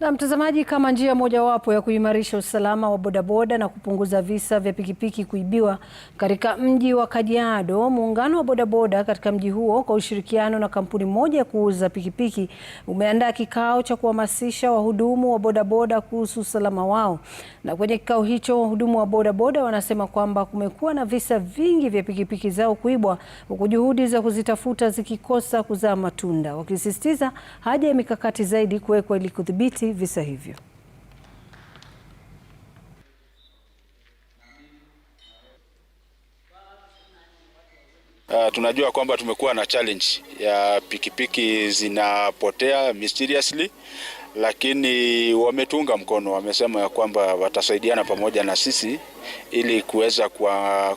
Na mtazamaji, kama njia mojawapo ya kuimarisha usalama wa bodaboda na kupunguza visa vya pikipiki kuibiwa katika mji wa Kajiado, muungano wa bodaboda katika mji huo kwa ushirikiano na kampuni moja ya kuuza pikipiki umeandaa kikao cha kuhamasisha wahudumu wa bodaboda kuhusu usalama wao. Na kwenye kikao hicho, wahudumu wa bodaboda wanasema kwamba kumekuwa na visa vingi vya pikipiki zao kuibwa, huku juhudi za kuzitafuta zikikosa kuzaa matunda, wakisisitiza haja ya mikakati zaidi kuwekwa ili kudhibiti visa hivyo. Uh, tunajua kwamba tumekuwa na challenge ya pikipiki zinapotea mysteriously, lakini wametunga mkono, wamesema ya kwamba watasaidiana pamoja na sisi ili kuweza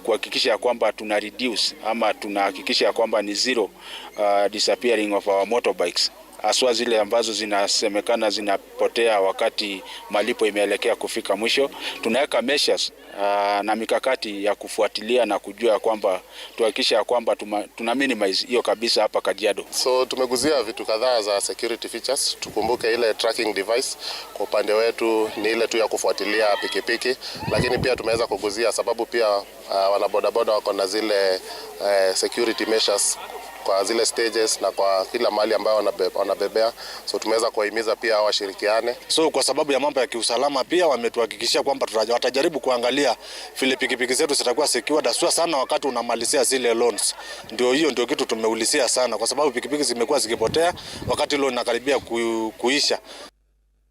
kuhakikisha ya kwamba tuna reduce ama tunahakikisha kwamba ni zero uh, disappearing of our motorbikes haswa zile ambazo zinasemekana zinapotea wakati malipo imeelekea kufika mwisho. Tunaweka measures ah, na mikakati ya kufuatilia na kujua kwamba tuhakikisha ya kwamba tuna minimize hiyo kabisa hapa Kajiado. So tumeguzia vitu kadhaa za security features. Tukumbuke ile tracking device kwa upande wetu ni ile tu ya kufuatilia pikipiki piki, lakini pia tumeweza kuguzia sababu pia uh, wanabodaboda wako na zile uh, security measures kwa zile stages na kwa kila mali ambayo wanabebea, so tumeweza kuwahimiza pia washirikiane. So kwa sababu ya mambo ya kiusalama pia wametuhakikishia kwamba watajaribu kuangalia vile pikipiki zetu zitakuwa sekiwa dasua sana wakati unamalizia zile loans. Ndio hiyo ndio kitu tumeulizia sana, kwa sababu pikipiki zimekuwa zikipotea wakati loan inakaribia ku, kuisha.